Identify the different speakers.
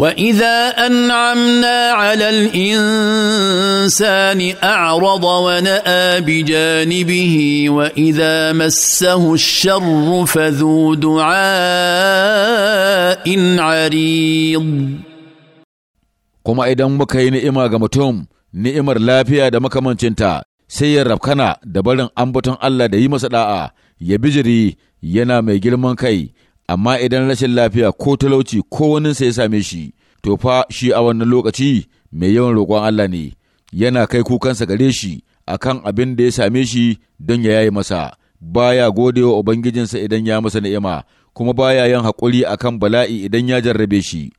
Speaker 1: واذا انعمنا على الانسان اعرض وناى بجانبه واذا مسه الشر فذو دعاء
Speaker 2: عريض kuma idan muka yi ni'ima ga mutum ni'imar
Speaker 3: lafiya da makamancinta sai ya rafkana da barin ambaton Allah da yi masa da'a ya bijiri yana mai girman kai amma idan rashin lafiya ko talauci ko waninsa ya same shi to fa shi a wannan lokaci mai yawan roƙon Allah ne yana kai kukansa gare shi akan abin da ya same shi don ya yi masa baya
Speaker 4: godewa ubangijinsa idan ya masa ni'ima kuma baya yin haƙuri akan bala'i idan ya jarrabe shi